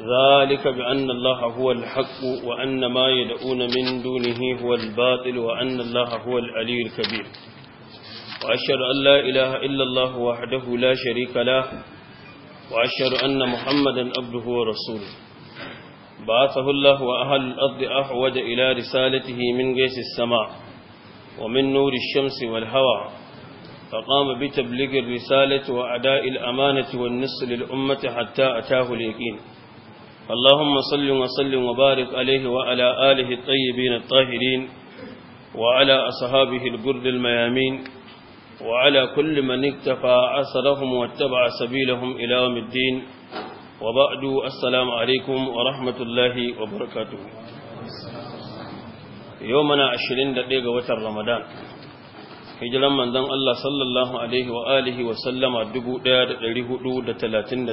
ذلك بأن الله هو الحق وأن ما يدعون من دونه هو الباطل وأن الله هو العلي الكبير وأشهد أن لا إله إلا الله وحده لا شريك له وأشهد أن محمدا عبده ورسوله بعثه الله وأهل الأرض أحوج إلى رسالته من قيس السماء ومن نور الشمس والهوى فقام بتبليغ الرسالة وأداء الأمانة والنصر للأمة حتى أتاه اليقين اللهم صل وسلم وبارك عليه وعلى آله الطيبين الطاهرين وعلى أصحابه الجرد الميامين وعلى كل من اكتفى أثرهم واتبع سبيلهم إلى يوم الدين وبعد السلام عليكم ورحمة الله وبركاته يومنا عشرين دقيقة وتر رمضان hijiran manzon Allah sallallahu alaihi wa alihi wa sallama 1438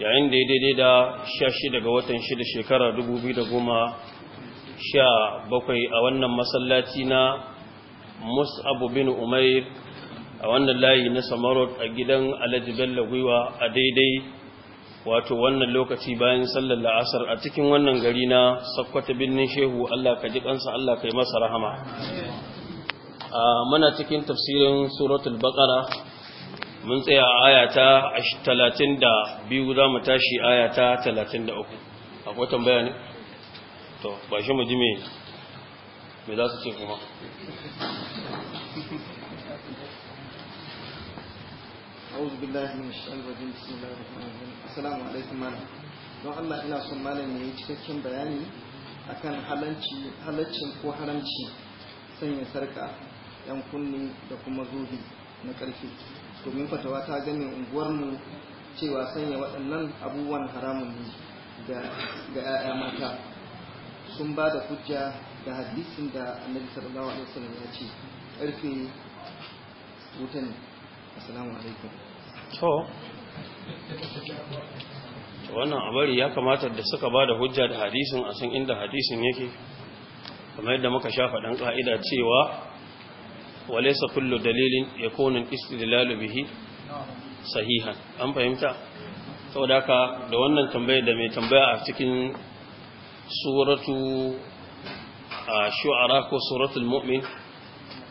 yayin da ya daidai da sha shida ga watan shida shekara dubu biyu da goma sha bakwai a wannan masallaci na mus'abu bin umair a wannan layi na samarot a gidan alhaji bello gwiwa a daidai wato wannan lokaci bayan sallar la'asar a cikin wannan gari na sakwata birnin shehu allah ka ji kansa allah ka yi masa rahama muna cikin tafsirin suratul baqarah mun tsaya a ayata 32 za mu tashi ayata 33 akwai tambaya ne to ba shi mu ji me me za su ce kuma a'udhu billahi minash الشيطان rajim assalamu alaikum الرحمن don Allah ina son malam ya yi cikakken bayani akan halaccin ko haramci sanya sarka yan kunni da kuma zobe na karfi domin fatawa ta unguwar unguwarmu cewa sanya waɗannan abubuwan haramun ne ga 'ya'ya mata sun ba da hujja da hadisin da annabi sallallahu alaihi wasallam ya ce ƙarfe wutan assalamu alaikum to wannan abari ya kamata da suka ba da hujja da hadisin a san inda hadisin yake kamar yadda muka sha faɗin ƙa'ida cewa walaysa kullu dalilin yakunu al-istidlalu bihi sahihan an fahimta saboda aka, da wannan tambayar da mai tambaya a cikin suratu shu'ara ko suratul mu'min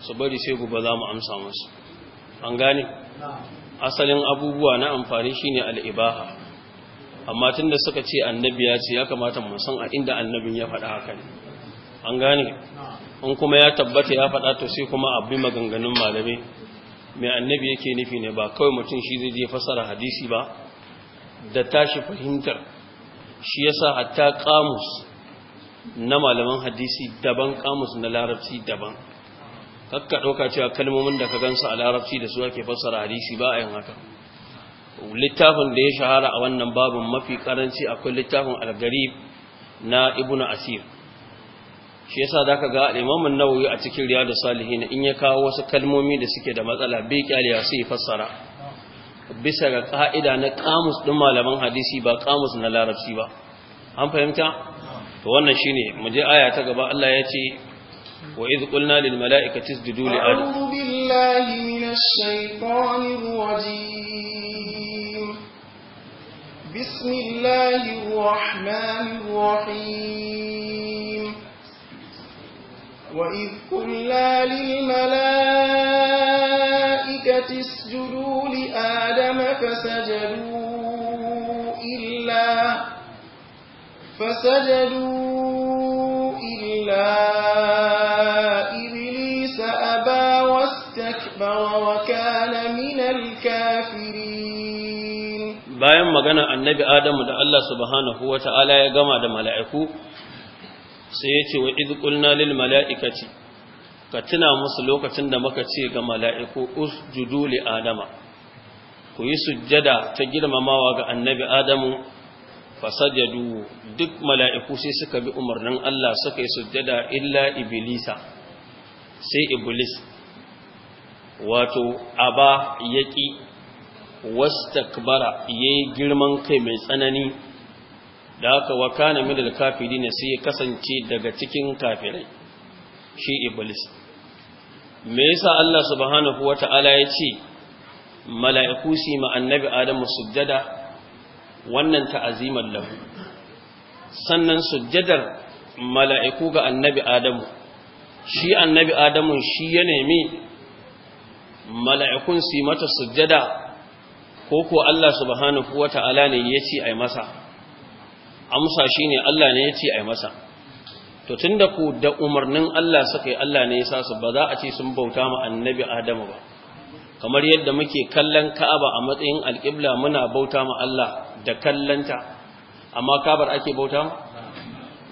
su bari sai gube za mu amsa musu an gane asalin abubuwa na amfani shine al'ibaha amma tunda suka ce annabi ya ce ya kamata mu san a inda annabin ya faɗa haka ne an gane in kuma ya tabbata ya faɗa to sai kuma abin maganganun malami. mai annabi yake nufi ne ba kawai mutum shi zai je fasara hadisi ba da tashi fahimtar shi yasa hatta kamus na malaman hadisi daban kamus na larabci daban kakka ɗauka cewa kalmomin da ka gansu a larabci da su ake fasara hadisi ba a yin haka littafin da ya shahara a wannan babin mafi karanci akwai littafin algarib na ibnu asir shi yasa zaka ga Imam an a cikin Salihi Salihin in ya kawo wasu kalmomi da suke da matsala bai kyaliya sai fassara bisa ga ka'ida na kamus ɗin malaman hadisi ba kamus na larabci ba an fahimta to wannan shine mu je aya ta gaba Allah ya ce wa iz qulna lil mala'ikati isjudu li adam a'udhu billahi minash rajim وإذ قلنا للملائكة اسجدوا لآدم فسجدوا إلا فسجدوا إلا إبليس أبى واستكبر وكان من الكافرين bayan magana annabi Adamu da Allah subhanahu wa ta'ala ya gama da mala'iku sai ya ce wa idh qulna lil mala’ikaci ka tuna musu lokacin da muka ce ga mala'iku us li adama ku yi sujjada ta girmamawa ga annabi adamu fasajadu duk mala'iku sai suka bi umarnin Allah suka yi sujjada illa iblisa sai iblis wato aba takbara ya yi girman kai mai tsanani da aka wa kana min al-kafirin sai kasance daga cikin kafirai shi iblis me yasa Allah subhanahu wata'ala ya ce mala'iku su ma annabi adamu sujjada wannan ta'azimar lahu sannan sujjadar mala'iku ga annabi adamu shi annabi adamu shi ya nemi mala'ikun su mata sujjada ko ko Allah subhanahu wata'ala ne ya ce ai masa amsa shine Allah ne ya ce ai masa to tunda ku da umarnin Allah suka yi Allah ne ya sa su ba za a ce sun bauta ma annabi Adamu ba kamar yadda muke kallon Ka'aba a matsayin alƙibla muna bauta ma Allah da kallanta amma kabar ake bauta ma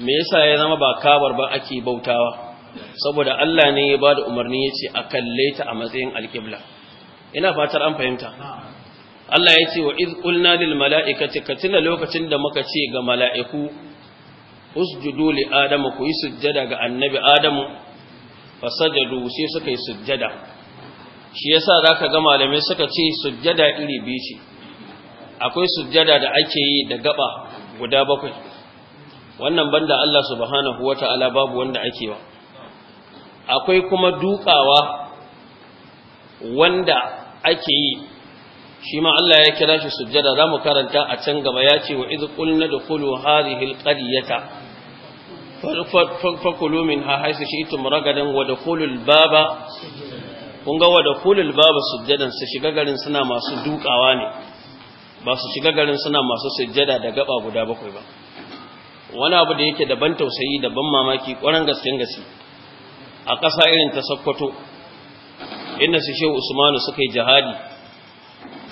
me yasa ya zama ba kabar ba ake bautawa saboda Allah ne ya ba da umarni ya ce a kalle ta a matsayin alƙibla ina fatar an fahimta Allah ya ce wa iz qulna lil mala'ikati tuna lokacin da muka ce ga mala'iku usjudu li adama ku yi sujjada ga annabi adamu sajadu sai suka yi sujjada shi yasa zaka ga malamai suka ce sujjada iri biyu ce akwai sujjada da ake yi da gaba guda bakwai wannan banda Allah subhanahu wata'ala babu wanda ake wa akwai kuma dukawa wanda ake yi shi ma Allah ya kira shi sujjada za mu karanta a can gaba ya ce wa idu ƙulna da kulu harihil ƙaryata fakulu min ha haisu shi itin wa da kulul baba kun ga wa da kulul baba sujjadan su shiga garin suna masu dukawa ne ba su shiga garin suna masu sujjada da gaba guda bakwai ba wani abu da yake daban tausayi daban mamaki ƙwarar gasken a ƙasa irin ta sakkwato inda su shehu usmanu suka yi jihadi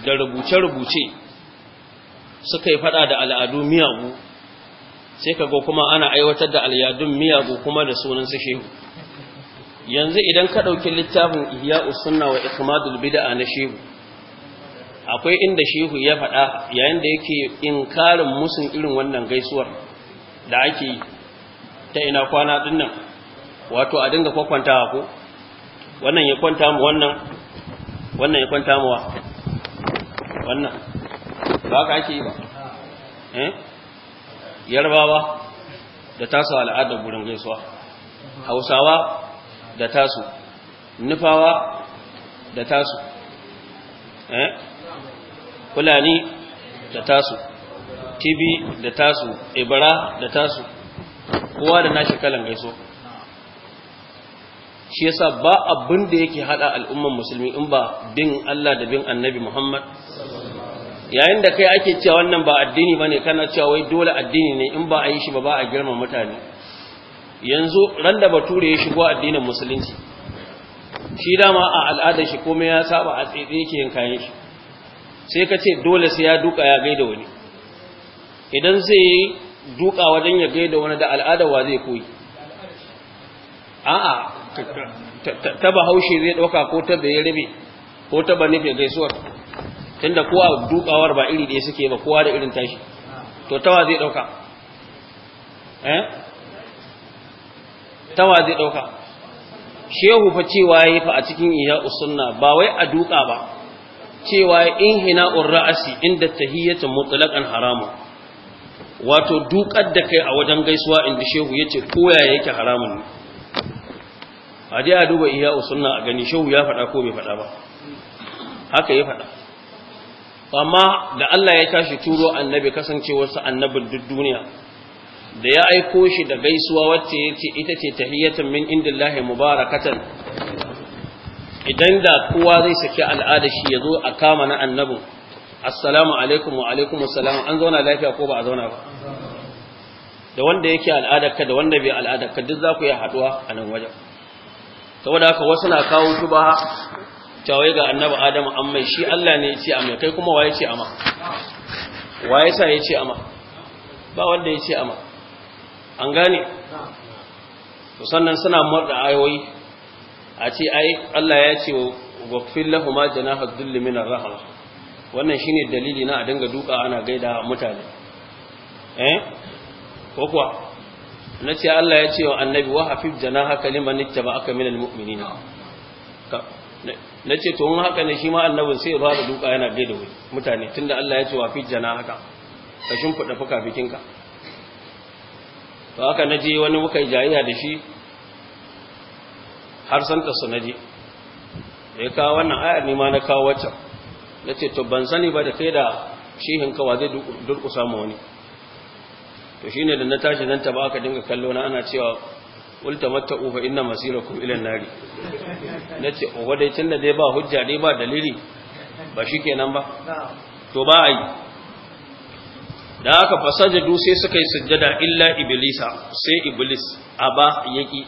da rubuce-rubuce suka yi fada da al'adu miyagu sai ka go kuma ana aiwatar da al'adun miyagu kuma da sunan su shehu yanzu idan ka ɗauki littafin ihya usunna wa ikmadul bid'a na shehu akwai inda shehu ya faɗa yayin da yake inkarin musun irin wannan gaisuwar da ake ta ina kwana dinnan wato a dinga kwakwantawa ko wannan ya kwanta mu wannan wannan ya kwanta mu wa wannan ba ka ake yi ba eh? yarbawa da tasu al'adar gudun gaisuwa hausawa da tasu nufawa da tasu Kulani eh? da tasu tibi da tasu ibara da tasu kowa da nashi kalan gaiso shi yasa ba abin da yake hada al'umman musulmi in ba bin Allah da bin annabi Muhammad yayin da kai ake cewa wannan ba addini bane kana cewa wai dole addini ne in ba a yi shi ba ba a girma mutane yanzu ran da bature ya shigo addinin musulunci shi dama a al'adar shi komai ya saba a tsetse yake yin kayan shi sai ka ce dole sai ya duka ya gaida wani idan zai yi duka wajen ya gaida wani da al'adar wa zai koyi a'a ta bahaushe zai dauka ko ta rabe ko ta ba nufe gaisuwar tunda kowa dukawar ba iri ɗaya suke ba kowa da irin tashi to tawa zai ɗauka eh tawa zai ɗauka shehu fa cewa yayi fa a cikin iya usunna ba wai a duka ba cewa in hina urra'asi inda tahiyyatu mutlaqan haramun wato dukar da kai a wajen gaisuwa inda shehu yace koya yake haramun ne a je a duba iya usunna a gani shehu ya faɗa ko bai faɗa ba haka ya faɗa amma da Allah ya tashi turo annabi kasancewarsa annabin duk duniya da ya aiko shi da gaisuwa wacce yace ita ce tahiyatan min indillahi mubarakatan idan da kowa zai saki al'ada shi yazo a kama na annabin assalamu alaikum wa alaikum assalam an zauna lafiya ko ba a zauna ba da wanda yake ka da wanda bai ka duk za ku yi haduwa a nan wajen saboda haka wasu na kawo ba cewa ga annabi adamu an mai shi Allah ne ya ce amma kai kuma waye ce amma waye sa ya ce amma ba wanda ya ce amma an gane sannan suna murda ayoyi a ce ai Allah ya ce wa fil ma janaha dhulli min ar rahm wannan shine dalili na a dinga duka ana gaida mutane eh ko kuwa ce Allah ya ce wa annabi wa hafif janahaka aka ittaba'aka minal mu'minina na ce to haka ne shi ma annabin sai ya fara duka yana da mutane tunda Allah ya ce wa jana haka ka shimfiɗa fuka bikinka. to haka na je wani muka yi jayayya da shi har su na je da ya kawo wannan ayar ne ma na kawo waccan na ce to ban sani ba da kai da shihin kawa zai durƙusa ma wani to shine da na tashi zan taba aka dinga kallo na ana cewa qul mata ufa inna masirakum ila an-nari nace o wadai tunda dai ba hujja dai ba dalili ba shikenan ba to ba ai da aka fasaje du sai suka yi sujjada illa iblisa sai iblis aba yaki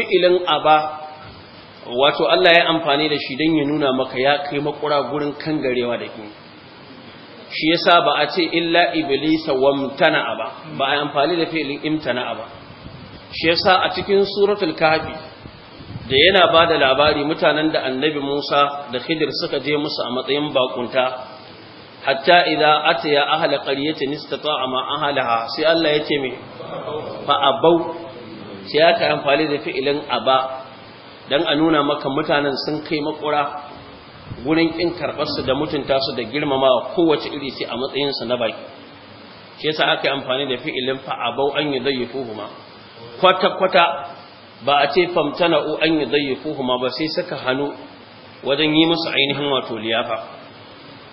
fi'ilin aba wato Allah ya amfani da shi don ya nuna maka ya kai makura gurin kangarewa da ke shi yasa ba a ce illa iblisa wamtana ba ba a amfani da fi'ilin imtana ba shi yasa a cikin suratul kahfi da yana ba da labari mutanen da annabi Musa da Khidir suka je musu a matsayin bakunta hatta idza ataya ahla qaryati nistata'a ma ahlaha sai Allah ya ce me fa abau sai aka amfani da fi'ilin aba dan a nuna maka mutanen sun kai makura gurin kin karbar su da mutunta su da girmamawa kowace iri sai a matsayin su na baki sai sa aka amfani da fi'ilin fa abau an yudayyifuhuma kwata-kwata ba a ce famtana'u an yi zayyafuhu ba sai suka hannu wajen yi musu ainihin wato liyafa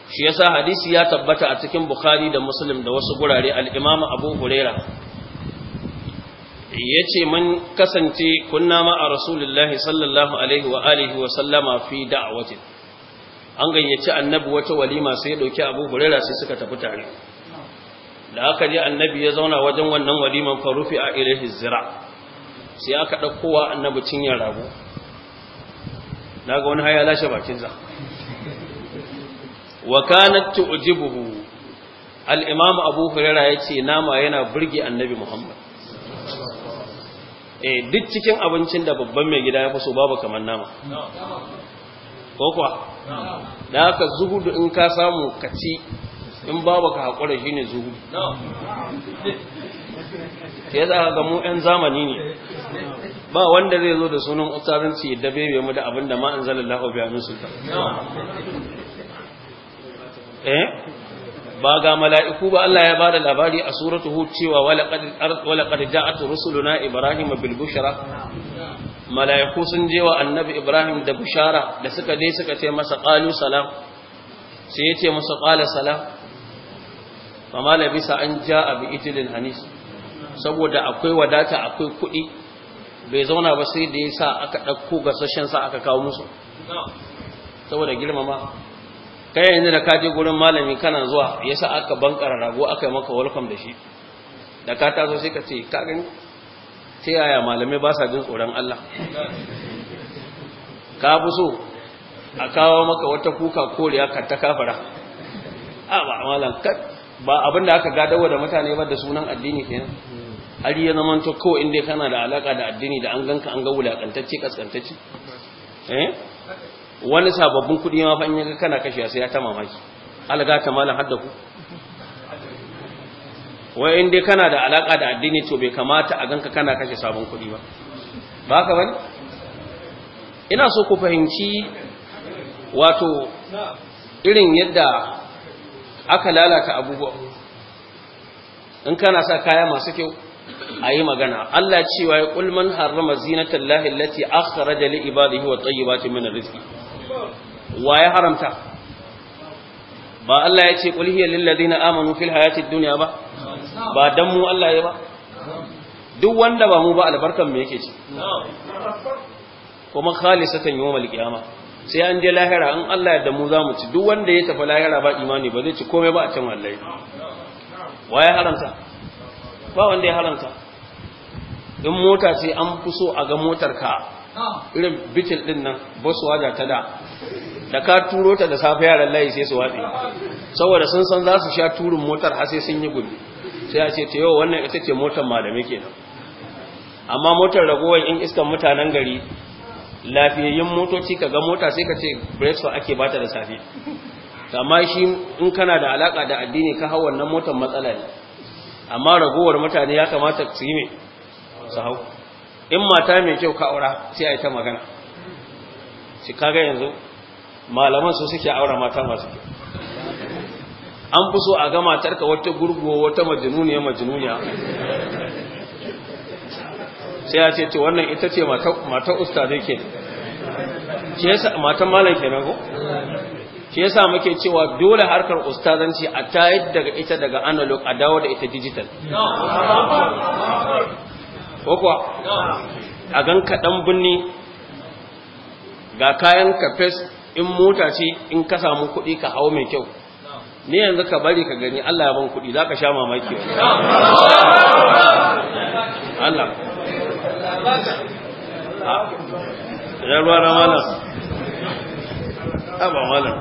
shi yasa hadisi ya tabbata a cikin bukhari da muslim da wasu gurare al'imama abu huraira ya ce man kasance kunna ma a rasulullahi sallallahu alaihi wa alihi wa sallama fi da'awatin an gayyaci annabi wata walima sai ya ɗauki abu huraira sai suka tafi tare da aka je annabi ya zauna wajen wannan waliman farufi a ilahi zira sai aka ɗaukowa annabi cinyar rabu na ga wani haya lashe bakinsa wa kanat tu'jibuhu al-imam abu hurairah yace nama yana burge annabi muhammad eh duk cikin abincin da babban mai gida ya faso babu kamar nama ko kuwa da aka zuhudu in ka samu ka ci in babu ka haƙura shi ne zuhu Ke za ga mu 'yan zamani ne ba wanda zai zo da sunan usarinci ya dabe mu da abin da ma'an zalar la'obiya nusulta eh? ba ga mala'iku ba Allah ya bada labari a suratu hud cewa wala qad ja'at rusuluna Ibrahim, bil bushra mala'iku sun je wa annabi ibrahim da bushara da suka je suka ce masa ƙalu salam sai yace masa qala salam amma bisa an ja abi itilin hanis saboda akwai wadata akwai kuɗi bai zauna ba sai da ya sa aka ɗauko gasashen sa aka kawo musu saboda girmama kai yanzu da kaji gurin malami kana zuwa ya sa aka bankara rago aka yi maka welcome da shi da ka taso sai ka ce ka gani ta yaya malami ba sa jin tsoron Allah ka fi so a kawo maka wata kuka koriya ka ta kafara a ba malam ba abin da aka gadawa da mutane ba da sunan addini ke nan, har yi zama to ko inda kana da alaka da addini da an ganka an ga wulakantacce kaskantacce eh wani sababbin kudi ma fa in yaga kana kashe sai ya ta mamaki alaga ta malan hadda ku wai in dai kana da alaka da addini to bai kamata a ganka kana kashe sabon kudi ba ba ka bani ina so ku fahimci wato irin yadda aka lalata abubuwa in kana sa kaya masu kyau a yi magana Allah cewa ya kulman harama zinatan lahi lati akhraja li yi wa tayyibati mana rizqi wa ya haramta ba Allah ya ce qul hiya lil ladina amanu fil hayati ba ba dan mu Allah ya ba duk wanda ba mu ba albarkan me yake ci kuma khalisatan yawmal qiyamah sai an je lahira an Allah yadda mu zamu mu ci duk wanda ya tafi lahira ba imani ba zai ci komai ba a can wallahi wa ya haramta ba wanda ya haramta in mota ce an fi so a ga motar ka irin bitil din nan su da ta da da ka turo ta da safe yaran layi sai su watsi saboda sun san za su sha turin motar har sai sun yi gudu sai a ce ta yau wannan ita ce motar malamai kenan amma motar ragowar in iskan mutanen gari lafiyayyen motoci ka ga mota sai ka ce breakfast ake bata da safe amma shi in kana da alaka da addini ka hau wannan motar matsala ne amma ragowar mutane ya kamata su yi mai su hau in mata mai kyau ka aura sai a yi ta magana su kaga yanzu malaman su suke aura mata masu kyau an fi so a ga matarka wata gurguwa wata majinuniya majinuniya sai ya ce ce wannan ita ce matan usta zai ke matan malam nan ko ke sa muke cewa dole harkar ustazanci a ta daga ita daga analog a dawo da ita digital ko kuwa a gan kaɗan binni ga kayan kafes in mota ce in ka samu kuɗi ka hau mai kyau ne yanzu ka bari ka gani Allah ya ban kuɗi za ka sha mamaki Allah malam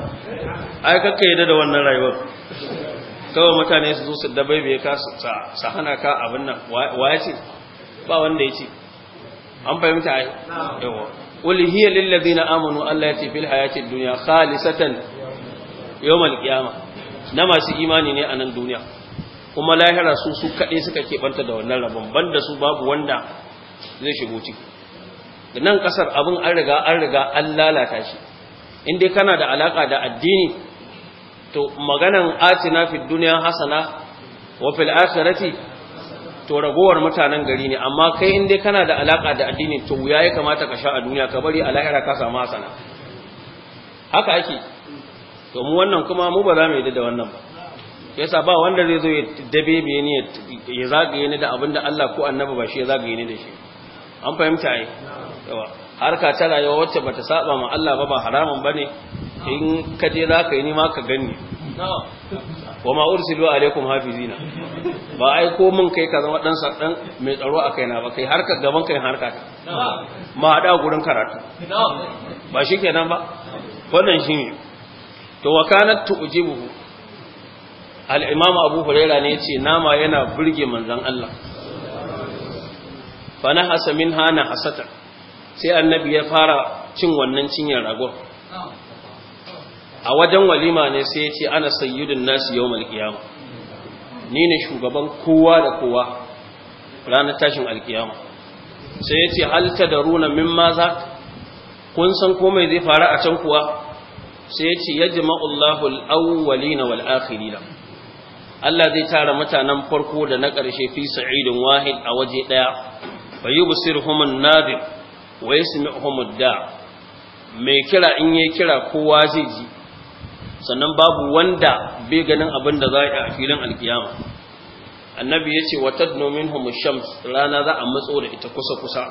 ai kakka da wannan rayuwar kawai mutane su zuwa su bai kasu su hana ka abin nan waya ce ba wanda ya ce an fahimta ai yawon qul hiya lil ladina amanu Allah ce fil duniya khali khalisatan yawmal qiyamah na masu imani ne a nan duniya kuma lahira su su kaɗai suka keɓanta da wannan rabon banda su babu wanda zai shigo ciki nan kasar abin an riga an riga an lalata shi in dai kana da alaka da addini to maganan atina fi duniya hasana wa fil akhirati to ragowar mutanen gari ne amma kai in dai kana da alaka da addini to wuya ya kamata ka sha a duniya ka bari a lahira ka samu hasana haka ake to mu wannan kuma mu ba za mu yi da wannan ba yasa ba wanda zai zo ya dabe ni ya zagaye ni da abinda Allah ko annabi ba shi ya zagaye ni da shi an fahimta yi yawa harka ta rayuwa wacce bata saba ma Allah ba ba haramun bane in ka je za ka yi nima ka gani wa ma ursilu alaikum hafizina ba ai ko mun kai ka zama dan dan mai tsaro a kaina ba kai harka gaban kai harka ta ma hada gurin karatu ba shikenan ba wannan shine to wa kanat tu'jibu al-imam abu hurairah ne yace nama yana burge manzon Allah fa nahasa hana hasata sai annabi ya fara cin wannan cinyar ragon a wajen walima ne sai ya ce ana sayyidun nasu yawmal qiyamah ni ne shugaban kowa da kowa ranar tashin alkiyama sai ya ce hal tadaruna mimma za kun san komai zai faru a can kuwa sai ya ce ya ji yajma'ullahu al na wal da Allah zai tara mutanen farko da na ƙarshe fi sa'idin wahid a waje ɗaya fa yubsiruhum an wa da mai kira in yay kira kowa zai ji sannan babu wanda bai ganin abin da za a filin alkiyama annabi yace watadnu minhum ash-shams rana za a matso da ita kusa kusa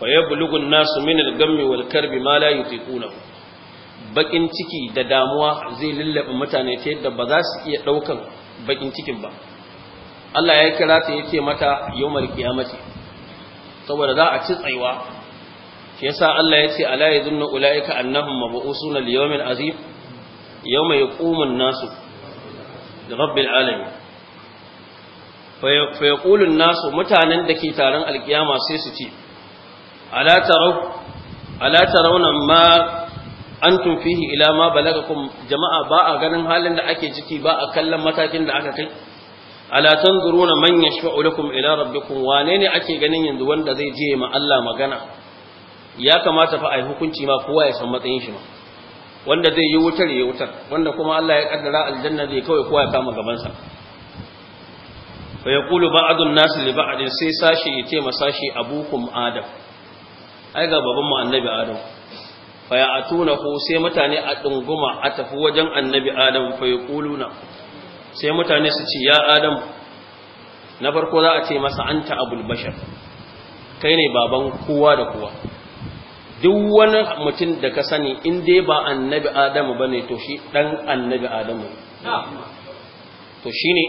fa yablughu an-nasu min al-gammi wal-karbi ma la yutiquna bakin ciki da damuwa zai lullabe mutane ta yadda ba za su iya daukan bakin cikin ba Allah ya kira ta ce mata yawmal saboda za a ci tsaiwa shi yasa Allah ya ce ala yadunnu ulaika annahum mab'usuna liyawmin azim yawma yaqumu nasu li rabbil alamin fa nasu mutanen da ke taron alkiyama sai su ce ala taraw ala tarawna ma antum fihi ila ma balagakum jama'a ba a ganin halin da ake ciki ba a kallon matakin da aka kai ala tanzuruna man yashfa'u lakum ila rabbikum wane ne ake ganin yanzu wanda zai je ma Allah magana ya kamata fa ai hukunci ma kowa ya san matsayin shi ma wanda zai yi wutar ya wutar wanda kuma Allah ya kaddara aljanna zai kawai kowa ya kama gaban sa fa yaqulu ba'dun nas li ba'din sai sashi ya ce masashi abukum adam ai ga baban mu annabi adam fa ya ko sai mutane a dunguma a tafi wajen annabi adam fa yaquluna sai mutane su ce ya adam na farko za a ce masa an abul bashar kai ne baban kowa da kowa duk wani mutum da ka sani in dai ba annabi adamu ba ne to shi dan annabi adamu to shi ne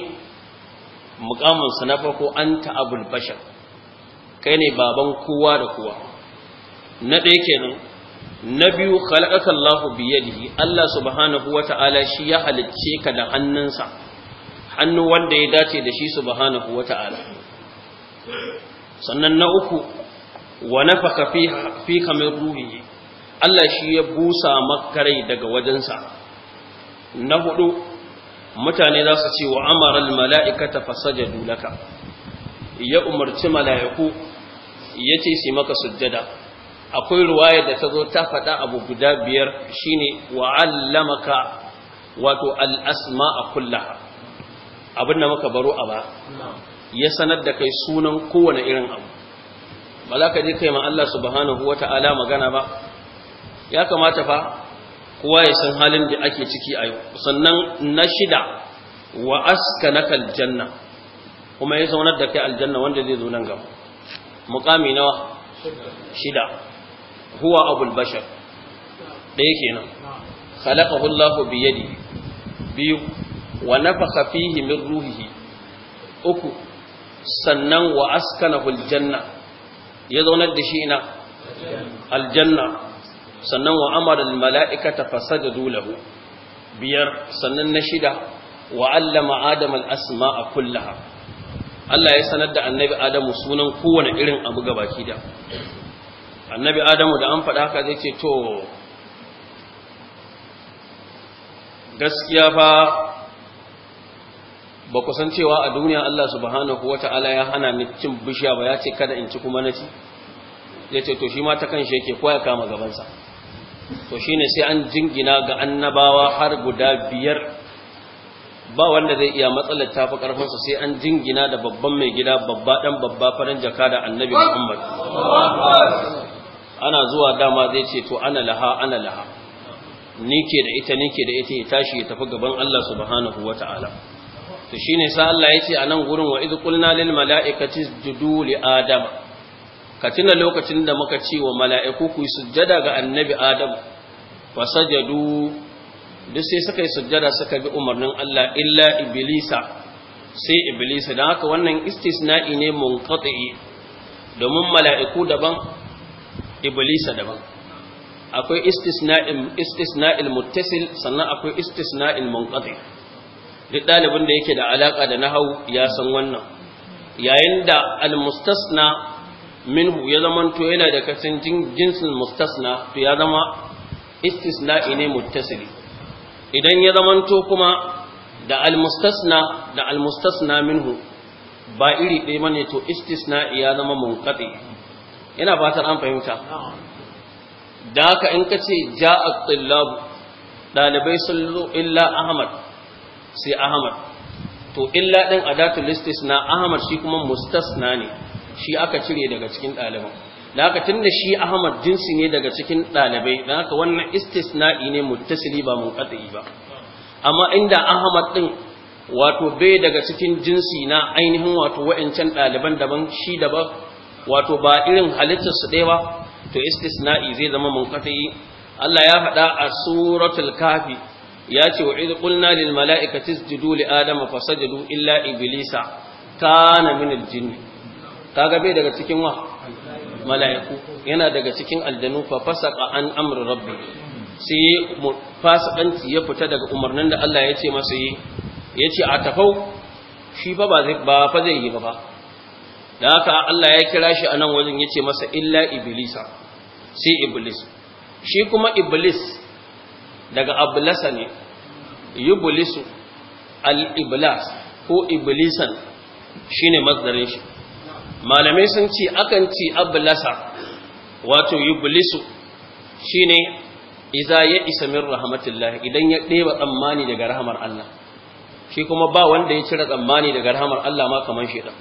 mukaminsa na farko an ta'abul bashar kai ne baban kowa da kowa na ɗaya kenan na biyu khalaqaka Allahu biyadihi Allah subhanahu wata'ala shi ya halicce ka da hannunsa hannu wanda ya dace da shi subhanahu wata'ala sannan na uku wa nafaka fi min ruhihi Allah shi ya busa makarai daga wajensa na hudu mutane za su ce wa amara almala'ikata fasajadu laka ya umarci mala'iku yace su maka sujjada akwai ruwaya da ta zo ta faɗa abu guda biyar shine wa allamaka wato al-asma'a kullaha abin da muka baro a ba ya sanar da kai sunan kowane irin abu ba za ka je kai ma Allah subhanahu wata'ala magana ba ya kamata fa kowa ya san halin da ake ciki a yau sannan na shida wa askanaka aljanna kuma ya zaunar da kai aljanna wanda zai zo nan gaba muqami nawa shida huwa abul bashar ɗaya kenan khalaqahu Allahu bi yadi biyu wa nafakha fihi min ruhihi uku sannan wa askanahu aljanna ya zaunar da shi ina aljanna sannan wa amara almala'ikata fasajadu lahu biyar sannan na shida wa allama adam al-asma'a kullaha Allah ya sanar da annabi Adamu sunan kowane irin abu baki da annabi Adamu da an faɗa haka zai ce to gaskiya fa ba ku san cewa a duniya Allah subhanahu Ta'ala ya hana ni cin bishiya ba ya ce kada in ci kuma na ci ya ce to shi ma ta kanshi yake ko ya kama gabansa to shine sai an jingina ga annabawa har guda biyar ba wanda zai iya matsalar tafi karfinsa sai an jingina da babban mai gida babba dan babba farin jaka da annabi Muhammad ana zuwa dama zai ce to ana laha ana laha ni ke da ita ni ke da ita ya tashi ya tafi gaban Allah subhanahu Ta'ala. to shi ne sa allah ya ce a nan gurin wa idu kulna lil mala'ikati judu li adama ka tuna lokacin da muka ce wa mala'iku ku yi sujjada ga annabi adama fa sajadu duk sai suka yi sujjada suka bi umarnin allah illa iblisa sai iblisa don haka wannan istisna'i ne munqati'i domin mala'iku daban iblisa daban akwai istisna'il istisna'il muttasil sannan akwai istisna'il munqati'i duk ɗalibin da yake da alaƙa da nahau ya san wannan yayin da almustasna minhu ya to yana da kasan jinsin mustasna to ya zama istisna ne muttasili idan ya zamanto kuma da almustasna da almustasna minhu ba iri ɗaya bane to istisna ya zama munqati ina fatan an fahimta da haka in ka ce ja'a ɗalibai dalibai sun zo illa ahmad sai ahmad to illa din adatul istisna ahmad shi kuma mustasna ne shi aka cire daga cikin ɗaliban da haka tunda shi ahmad jinsi ne daga cikin ɗalibai da haka wannan istisna'i ne muttasili ba munqati ba amma inda ahmad din wato bai daga cikin jinsi na ainihin wato wa'ancan ɗaliban daban shi daban wato ba irin su ɗaya ba to istisna'i zai zama munqati Allah ya faɗa a suratul kafi ya ce wa idh qulna lil mala'ikati isjudu li adama fasajadu illa iblisa kana min al jinn kaga bai daga cikin wa mala'iku yana daga cikin aljanu fa fasaqa an amri rabbi sai fasikanci ya fita daga umarnin da Allah ya ce masa yi ya ce a tafau shi ba ba fa zai yi ba ba da haka Allah ya kira shi a nan wajen ya ce masa illa iblisa sai iblis shi kuma iblis daga Abulasa ne yublisu al-iblas ko iblisan shine masdarin shi malamai sun ci akan ci Abulasa wato yublisu shine iza ya isa min rahmatillah idan ya ɗeba tsammani daga rahamar Allah shi kuma ba wanda ya cire tsammani daga rahamar Allah ma kaman shi dan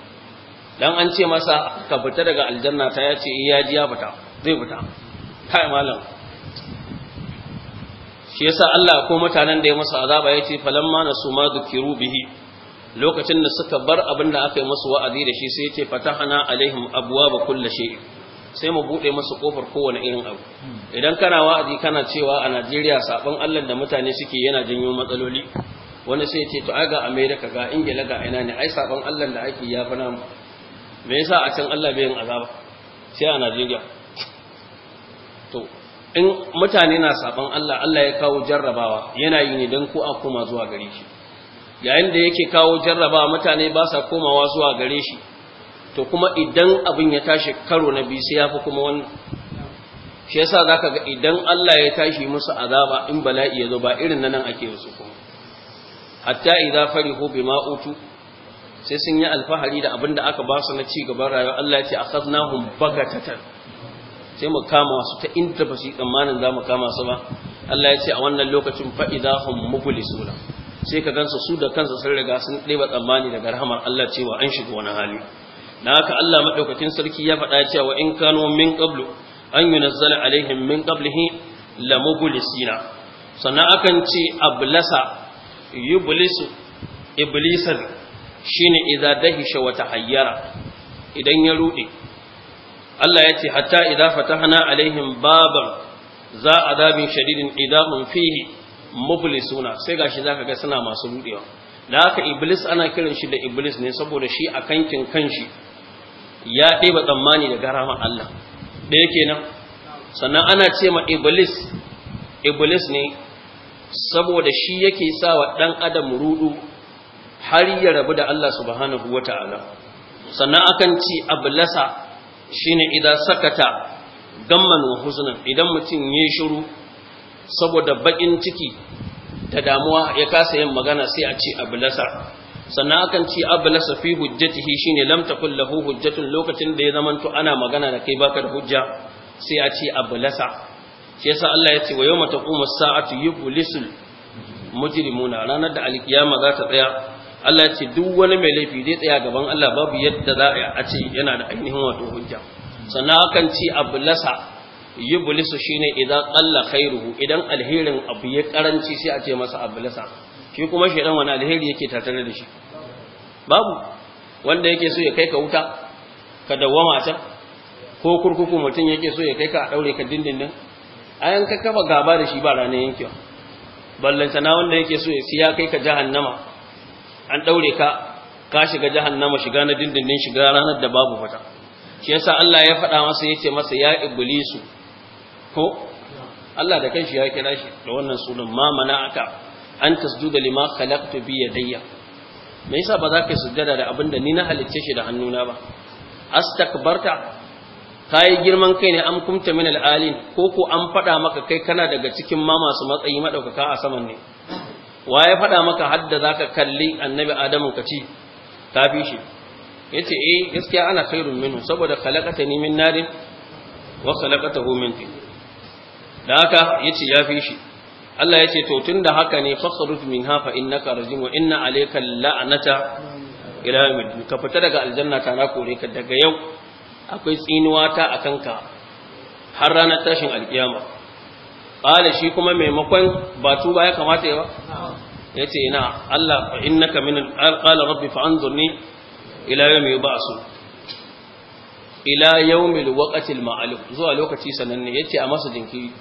dan an ce masa ka fita daga aljanna ta yace ya ji ya fita zai fita kai malam shi yasa Allah ko mutanen da ya masa azaba ya ce falamma nasu ma dukiru bihi lokacin da suka bar abin da aka yi masu wa'azi da shi sai ya ce fatahana alaihim ba kulli shay sai mu bude masa kofar kowane irin abu idan kana wa'azi kana cewa a Najeriya sabon Allah da mutane suke yana janyo matsaloli wani sai ya ce to ai ga America ga Ingila ga ina ne ai sabon Allah da ake yafi namu me yasa a can Allah bai yin azaba sai a Najeriya to in mutane na saban Allah Allah ya kawo jarrabawa yana yi ne don ko a koma zuwa gare shi yayin da yake kawo jarrabawa mutane ba sa komawa zuwa gare shi to kuma idan abin ya tashi karo na biyu sai ya fi kuma wani shi yasa ka ga idan Allah ya tashi musu azaba in bala'i ya zo ba irin nan ake musu kuma hatta idza farihu bima utu sai sun yi alfahari da abin da aka ba su na ci gaban rayuwa Allah ya ce akhadnahum bagatatan sai mu kama su ta inda ba su yi tsammanin za mu kama su ba Allah ya ce a wannan lokacin fa'iza hun mukuli suna sai ka gansa su da kansa sun riga sun ɗeba tsammani daga rahamar Allah cewa an shiga wani hali na haka Allah maɗaukakin sarki ya faɗa cewa in kano min qablu an yi nazzala alaihim min qablihi la mubulisina sannan akan ce ablasa yublisu iblisan shine idza dahisha wata hayyara, idan ya ruɗe. Allah ya ce hatta idza fatahna alaihim baban za adabin shadidin idahum fihi mublisuna sai gashi zaka ga suna masu buɗewa da haka iblis ana kiran shi da iblis ne saboda shi a kankin kanshi ya ɗeba tsammani daga garama Allah Ɗaya kenan, nan sannan ana ce ma iblis iblis ne saboda shi yake sa wa ɗan adam rudu har ya rabu da Allah subhanahu wata'ala sannan akan ci ablasa shine idan sakata gamman wa idan mutum ya shiru saboda bakin ciki da damuwa ya kasa yin magana sai a ce ablasa sannan akan ce abulasa fi hujjatihi shine lam takul lahu hujjatun lokacin da ya zamanto ana magana da kai baka da hujja sai a ce ablasa shi yasa Allah ya ce wa yawma taqumu as-sa'atu yublisul mujrimuna ranar da alkiyama za ta tsaya Allah ce duk wani mai laifi zai tsaya gaban Allah babu yadda za a ce yana da ainihin wato hujja sannan akan ce yi bulisu shine idan Allah khairuhu idan alherin abu ya karanci sai a ce masa lasa. shi kuma shedan wani alheri yake tattare da shi babu wanda yake so ya kai ka wuta ka dawwama can ko kurkuku mutum yake so ya kai ka a daure ka dindindin ayan ka kafa gaba da shi ba ranar yankewa ballantana wanda yake so ya siya kai ka jahannama an daure ka ka shiga jahannama shiga na dindindin shiga ranar da babu fata shi yasa Allah ya faɗa masa yace masa ya iblisu ko Allah da kanshi ya kira shi da wannan sunan ma mana'aka an tasjuda lima khalaqtu bi yadayya me yasa ba za ka sujjada da abinda ni na halicce shi da hannuna ba astakbarta kai girman kai ne an kumta min al-alin ko ko an faɗa maka kai kana daga cikin ma masu matsayi madaukaka a saman ne wa ya faɗa maka hadda za ka kalli annabi adamu ka ci ta fi shi ya ce eh gaskiya ana khairun minu saboda kalakata ni min narin wa kalakata hu min da haka ya ce ya fi shi Allah ya ce to tun da haka ne fakhrut min hafa innaka rajim wa inna alayka la'nata ila yawm ka fita daga aljanna ta na kore ka daga yau akwai tsinuwa ta akan ka har ranar tashin alkiyama qala shi kuma maimakon ba ya kamata ya ba yace ina Allah fa innaka min qala rabbi fa anzurni ila yawmi yub'asu ila yawmi alwaqti alma'lum zuwa lokaci sananne yace a masa jinkiri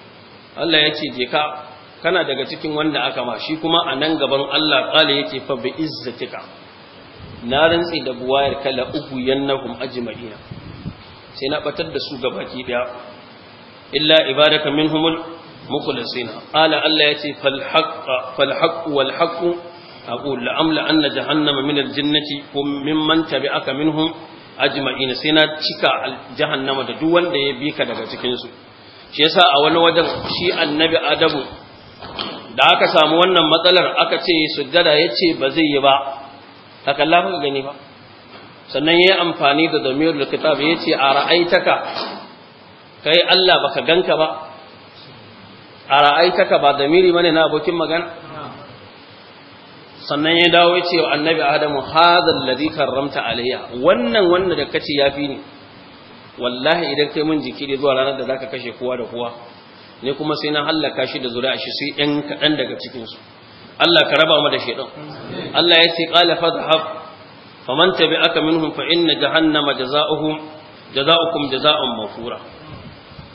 Allah yace je ka kana daga cikin wanda aka ma shi kuma a nan gaban Allah kala yace fa bi izzatika na rantsi da buwayar kala uku yannahum ajma'ina sai na batar da su gabaki daya illa ibadaka minhumul mukhlisina qala allah yace fal haqqa fal haqqu wal haqqu aqul la anna jahannama min al jannati wa mimman aka minhum ajma'in sai na cika jahannama da duk wanda ya bi ka daga cikinsu. su shi a wani wajen shi annabi adabu. da aka samu wannan matsalar aka ce sujjada ce ba zai yi ba ta kalla ka gani ba sannan yayi amfani da damirul ya yace a ra'aitaka kai Allah baka ganka ba a ra'aitaka ba miri bane na abokin magana sannan ya dawo yace wa annabi adamu hadhal ladhi karramta alayya wannan wanda da kace yafi ni wallahi idan kai mun jikiri zuwa ranar da zaka kashe kowa da kowa ne kuma sai na hallaka shi da zuri'a shi sai kaɗan daga cikin su Allah ka raba mu da shedan Allah ya ce qala fadhhab faman tabi'aka minhum fa inna jahannama jazaohum jazaukum jazaa'un mafura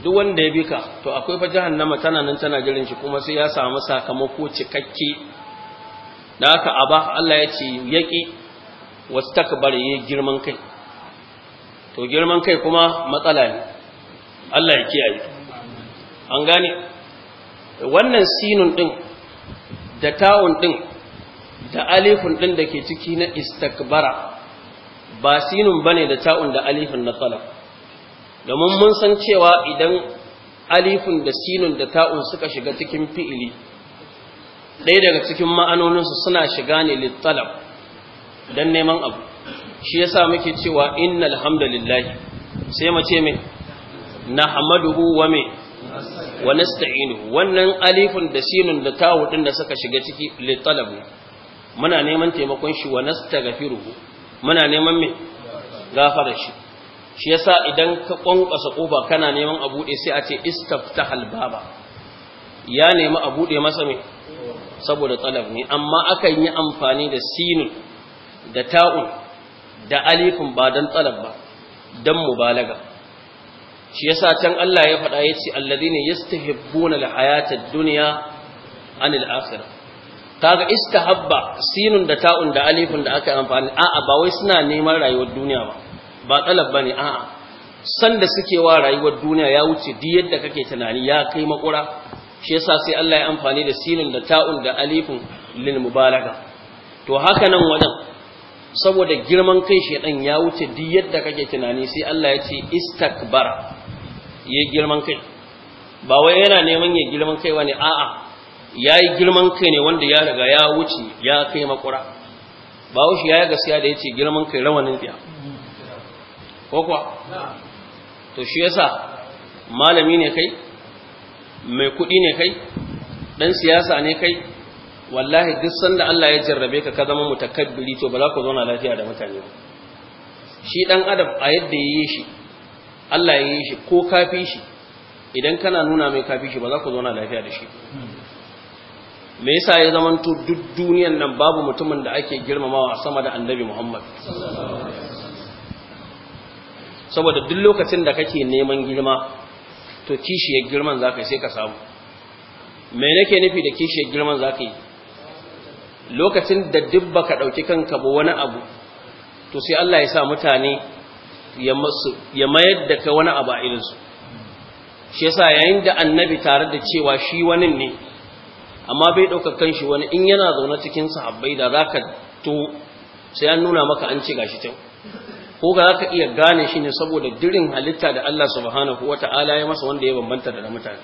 duk wanda ya bi ka to akwai fa jahannama tana nan tana jirin shi kuma sai ya samu sakamako cikakke da haka aba Allah ya ce yaki wastakbar ya girman kai to girman kai kuma matsala ne Allah ya kiyaye an gane wannan sinun din da ta'un din da alifun din da ke ciki na istakbara ba sinun bane da ta'un da alifun na talab domin mun san cewa idan alifun da sinun da ta'un suka shiga cikin fi'ili ɗaya daga cikin ma'anoninsu suna shiga ne littalab don neman abu shi ya sa muke cewa inna alhamdulillahi sai mace mai hamadu wa mai wa sta’inu wannan alifun da sinun da ta'u da suka shiga ciki littalab muna neman taimakon shi wa nastaghfiruhu muna neman mai gafara shi shi yasa idan ka kwankwasa koba kana neman a bude sai a ce istaftahal baba ya nemi a bude masa me saboda talab ne amma akan yi amfani da sinun da ta'un da alifin ba don talab ba dan mubalaga shi yasa can Allah ya faɗa yace alladhina yastahibbuna alhayata ad-dunya anil akhirah kaga istahabba sinun da ta'un da alifin da aka amfani a'a ba wai suna neman rayuwar duniya ba ba talab bane a'a san da suke wa rayuwar duniya ya wuce duk yadda kake tunani ya kai makura shi yasa sai Allah ya amfani da silin da ta'un da alifun lil mubalaga to haka nan wajen saboda girman kai shedan ya wuce duk yadda kake tunani sai Allah ya ce istakbara yayi girman kai ba wai yana neman ya girman kai wani a'a yayi girman kai ne wanda ya riga ya wuce ya kai makura ba wuce yayi gaskiya da yace girman kai rawanin tsiya ko kuwa to shi yasa malami ne kai mai kuɗi ne kai ɗan siyasa ne kai wallahi duk sanda Allah ya jarrabe ka ka zama mutakabbiri to ba za ku zauna lafiya da mutane ba shi dan adam a yadda ya yi shi Allah ya yi shi ko kafi shi idan kana nuna mai kafi shi ba za ku zauna lafiya da shi me yasa ya zamanto duk duniyan nan babu mutumin da ake girmamawa sama da annabi Muhammad saboda duk lokacin da kake neman girma to kishiyar girman za ka yi sai ka samu mai nake nufi da kishiyar girman za ka yi lokacin da duk baka ɗauki kanka ba wani abu to sai Allah ya sa mutane ya mayar da ka wani abu a irinsu shi yasa yayin da annabi tare da cewa shi wani ne amma bai ɗaukar kanshi wani in yana zaune cikin sahabbai da za ka to sai an nuna maka an ce gashi kyau. ko ga ka iya gane shi ne saboda dirin halitta da Allah subhanahu Ta'ala ya masa wanda ya bambanta da mutane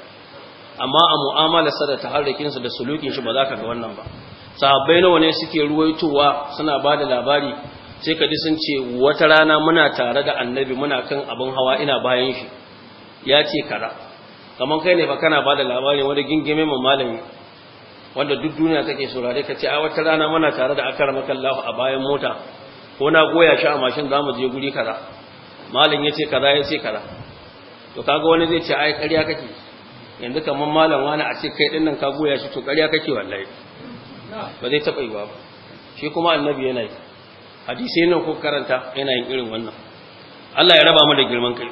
amma a sa da sa da sulukin shi ba za ka ga wannan ba sahabbai nawa ne suke ruwaitowa suna bada da labari sai ka ji sun ce wata rana muna tare da annabi muna kan abin hawa ina bayan shi ya ce kara, kamar kai ne ba kana ba da labari wani gingime mu malami wanda duk duniya take saurare ka ce a wata rana muna tare da akar makallahu a bayan mota ko na goya shi a mashin za mu je guri kaza malam ya ce kaza ya ce kaza to kaga wani zai ce ai ƙarya kake yanzu kamar malam wani a ce kai ɗin nan ka goya shi to ƙarya kake wallahi ba zai taɓa yiwa ba shi kuma annabi yana yi hadisai nan ko karanta yana yin irin wannan Allah ya raba mu da girman kai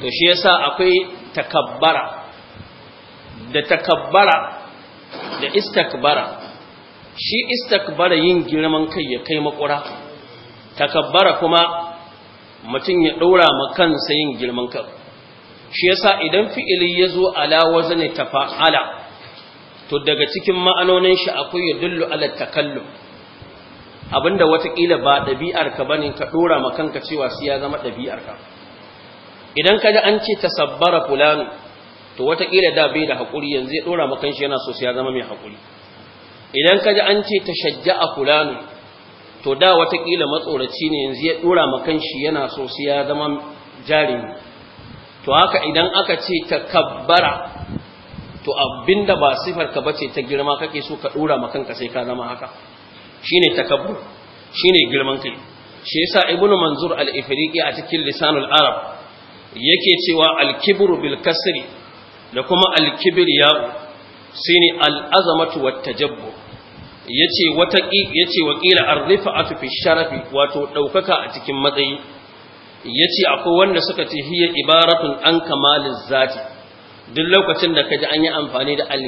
to shi yasa akwai takabbara da takabbara da istakbara shi istakbara yin girman kai ya kai makura takabbara kuma mutum ya ɗora ma kansa yin girman kan shi yasa idan fi'ili ya zo ala wazani tafa'ala to daga cikin ma'anonin shi akwai ya dullu ala takallum abinda watakila ba ɗabi'ar ka bane ka ɗora ma kanka cewa sai ya zama ɗabi'ar ka idan ka ji an ce tasabbara fulanu to watakila da bai da haƙuri yanzu ya ɗora ma kanshi yana so sai ya zama mai haƙuri idan ka ji an ce tashajja'a fulanu to da watakila matsoraci ne yanzu ya dora makan shi yana so sai ya zama jarimi to haka idan aka ce takabbara to abinda ba sifar ka bace ta girma kake so ka dora makan ka sai ka zama haka shine takabbur shine girman kai shi yasa ibnu manzur al-ifriqi a cikin lisanul arab yake cewa al-kibru bil kasri da kuma al-kibriya shine al-azamatu wat tajabbur yace wata yace wakila atu fi sharafi wato daukaka a cikin matsayi yace akwai wanda suka ce hiya ibaratun an kamalin zati duk lokacin da kaji an yi amfani da al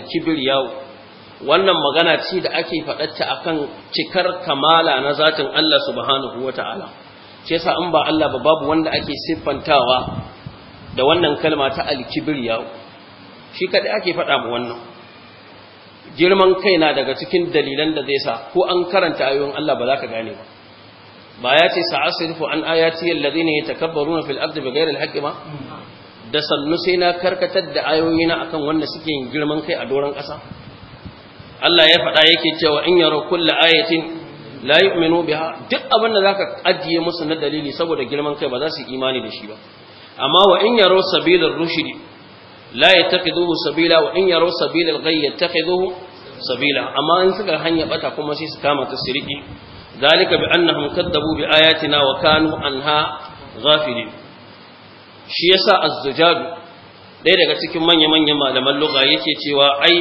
wannan magana ce da ake ta akan cikar kamala na zatin Allah subhanahu wataala shi sa in ba Allah ba babu wanda ake siffantawa da wannan kalma ta al shi kadai ake faɗa mu wannan girman kai na daga cikin dalilan da zai sa ko an karanta ayoyin Allah ba za ka gane ba ba ya ce sa'asrifu an ayati alladhina yatakabbaruna fil ardi bighayri alhaqqi ba da sannu sai na karkatar da ayoyina akan wanda suke yin girman kai a doron ƙasa Allah ya faɗa yake cewa in yaro kullu ayatin la yu'minu biha duk abin da zaka ajiye musu na dalili saboda girman kai ba za su imani da shi ba amma wa in yaro sabilar rushdi la duhu sabila wa in yaraw sabila al-ghayy yattakhidhuhu sabila amma in suka hanya bata kuma sai su kama ta siriki dalika bi annahum kaddabu bi ayatina wa kanu anha ghafilin shi yasa az-zujaj ɗaya daga cikin manya-manyan malaman lugha yake cewa ai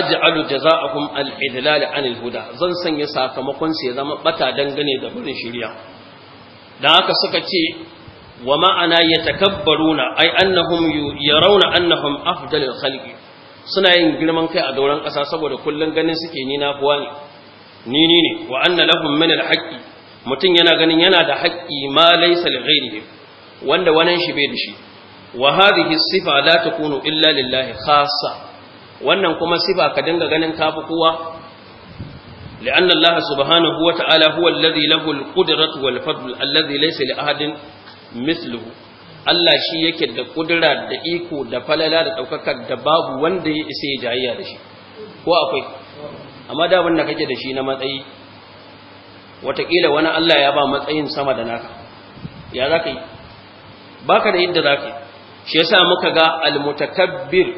aj'alu da za a kuma al-huda zan sanya sakamakon su ya zama ɓata dangane da burin shirya. Da haka suka ce wa ma'ana ya yatakabbaruna ai annahum yarawna annahum afdalul khalqi suna yin girman kai a dauran ƙasa saboda kullun ganin suke ni na kuwa ne ni ni ne wa anna lahum min alhaqi mutun yana ganin yana da haƙƙi ma laysa li ghairihi wanda wannan shi bai da shi wa hadhihi sifa la takunu illa lillahi khassa wannan kuma sifa ka dinga ganin kafi kowa لأن الله سبحانه وتعالى هو الذي له القدرة والفضل الذي ليس لأحد misluhu Allah shi yake da kudura da iko da falala da daukakar da babu wanda ya isa ya jayayya da shi ko akwai amma da wanda kake da shi na matsayi watakila wani Allah ya ba matsayin sama da naka ya za ka yi Ba ka da yadda za ka yi shi ya sa muka ga al-mutakabbir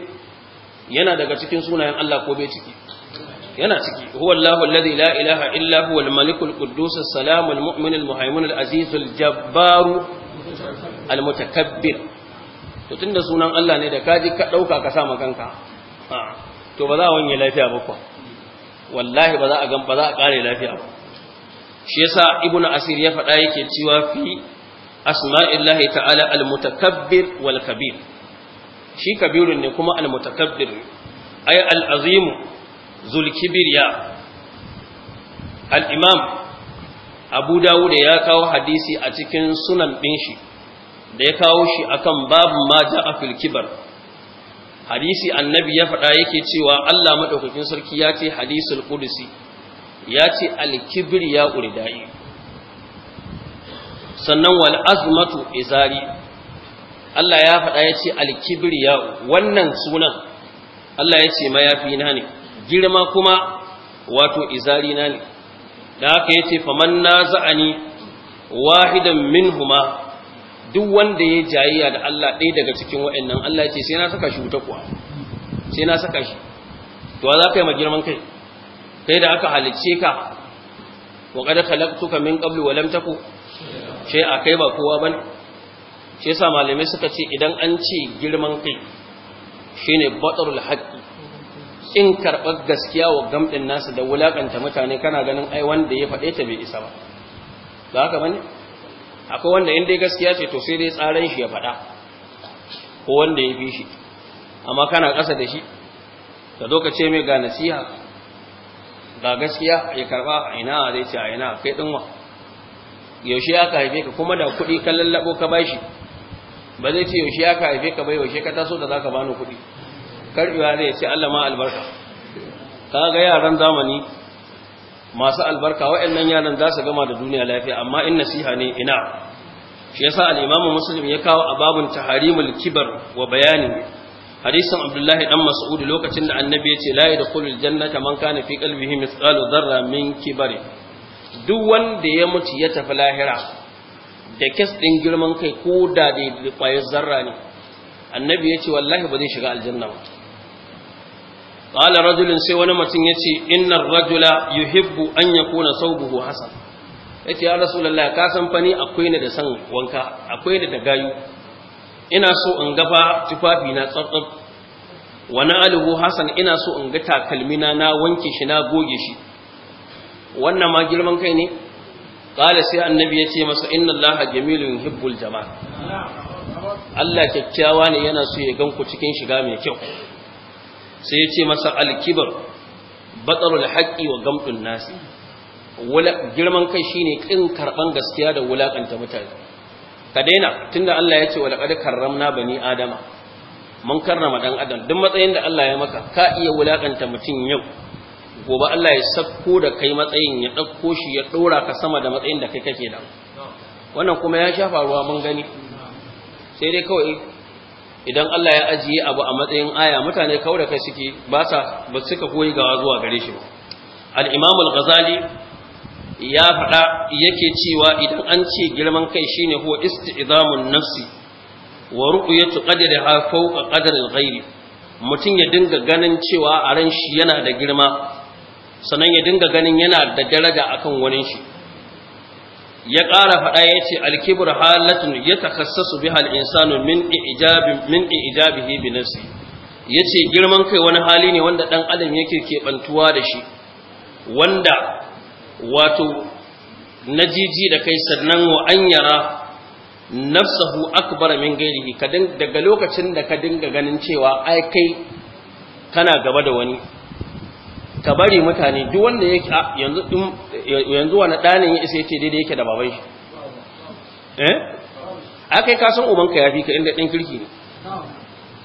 yana daga cikin sunayen Allah ko bai ciki yana ciki huwa Allahu alladhi la ilaha illa huwa al-malikul quddus as-salamul mu'minul muhaiminul azizul jabbaru almutakabbir to tunda sunan Allah ne da kaji ka dauka ka sa makanka to ba za a wanye lafiya ba kwa wallahi ba za a gan ba za a kare lafiya ba shi yasa ibnu asir ya faɗa yake cewa fi asma'illahi ta'ala almutakabbir wal kabir shi kabirun ne kuma almutakabbir ay al-azim zul kibriya al-imam abu dawuda ya kawo hadisi a cikin sunan ɗin shi da ya kawo shi akan babu ma a filkibar hadisi annabi ya faɗa yake cewa allah maɗaukakin sarki ya ce hadisul kudusi ya ce alkibir ya ƙuridayi sannan wal azmatu izari allah ya faɗa ya ce alkibir ya wannan sunan allah ya ce mayafi na ne girma kuma wato izari na ne da haka yace faman naza'ani wahidan minhuma duk wanda ya jayayya da Allah ɗaya daga cikin wa'annan Allah yace sai na saka shi wuta kuwa sai na saka shi to za ka yi magirman kai kai da aka halicce ka wa qad khalaqtuka min qablu wa lam taku a kai ba kowa bane sai yasa malamai suka ce idan an ce girman kai shine batarul haqqi in karɓar gaskiya wa gamɗin nasu da wulaƙanta mutane kana ganin ai wanda ya faɗe ta bai isa ba ba haka bane akwai wanda in dai gaskiya ce to sai dai tsaran shi ya faɗa ko wanda ya fi shi amma kana ƙasa da shi da ce mai ga nasiha ga gaskiya ya karɓa a ina a zai ce a ina kai ɗinwa yaushe ka haife ka kuma da kuɗi ka lallaɓo ka bashi ba zai ce yaushe ka haife ka bai yaushe ka taso da za ka bani kuɗi karbewa zai ce Allah ma albarka ga yaran zamani masu albarka waɗannan yaran za su gama da duniya lafiya amma in nasiha ne ina shi yasa al-Imam Muslim ya kawo a babun taharimul kibar wa bayani hadisin Abdullahi dan Mas'ud lokacin da Annabi ya ce la yadkhulul jannata man kana fi qalbihi mithqalu dharra min kibari duk wanda ya mutu ya tafi lahira da kes din girman kai ko da da kwayar zarra ne annabi ya ce wallahi ba zai shiga aljanna ba qala rajulun sai wani mutum yace innar rajula yuhibbu an yakuna thawbuhu hasan yace ya rasulullahi ka san fani akwai ni da san wanka akwai da gayu ina so in gafa tufafi na tsatsat wa na'aluhu hasan ina so in ga takalmina na wanke shi na goge shi wannan ma girman kai ne qala sai annabi ya ce masa inna Jamilu jamilun yuhibbul jama'a. Allah kyakkyawa ne yana so ya gan ku cikin shiga mai kyau sai ya ce masa alkibar batsarul haƙƙi wa gamɗin nasi girman kai shi ne ƙin karɓan gaskiya da wulaƙanta mutane ka daina tunda Allah ya ce wa laqad karramna bani adama mun karrama ɗan adam duk matsayin da Allah ya maka ka iya wulaƙanta mutum yau gobe Allah ya sakko da kai matsayin ya ɗauko shi ya ɗora ka sama da matsayin da kai kake da wannan kuma ya sha faruwa mun gani sai dai kawai idan Allah ya ajiye abu a matsayin aya mutane kawai da kai suke ba sa ba suka koyi gawa zuwa gare shi ba al-Imam al-Ghazali ya faɗa yake cewa idan an ce girman kai shine huwa isti'zamun nafsi wa ru'yatu qadriha fawqa qadri al-ghayri mutum ya dinga ganin cewa a ran shi yana da girma sannan ya dinga ganin yana da daraja akan wani shi ya ƙara faɗa ya ce alkibir halatun ya takassasu su al-insanu min min ijabihi bi nafsi yace girman kai wani hali ne wanda ɗan adam yake kebantuwa da shi wanda wato najiji da kai sannan wa an yara nafsahu akbar min ghairihi daga lokacin da ka dinga ganin cewa ai kai kana gaba da wani ka bari mutane duk wanda yake ah, yanzu yanzu wani ɗanin ya isa yace daidai yake da baban shi eh akai ka san ka yafi ka inda ɗan kirki ne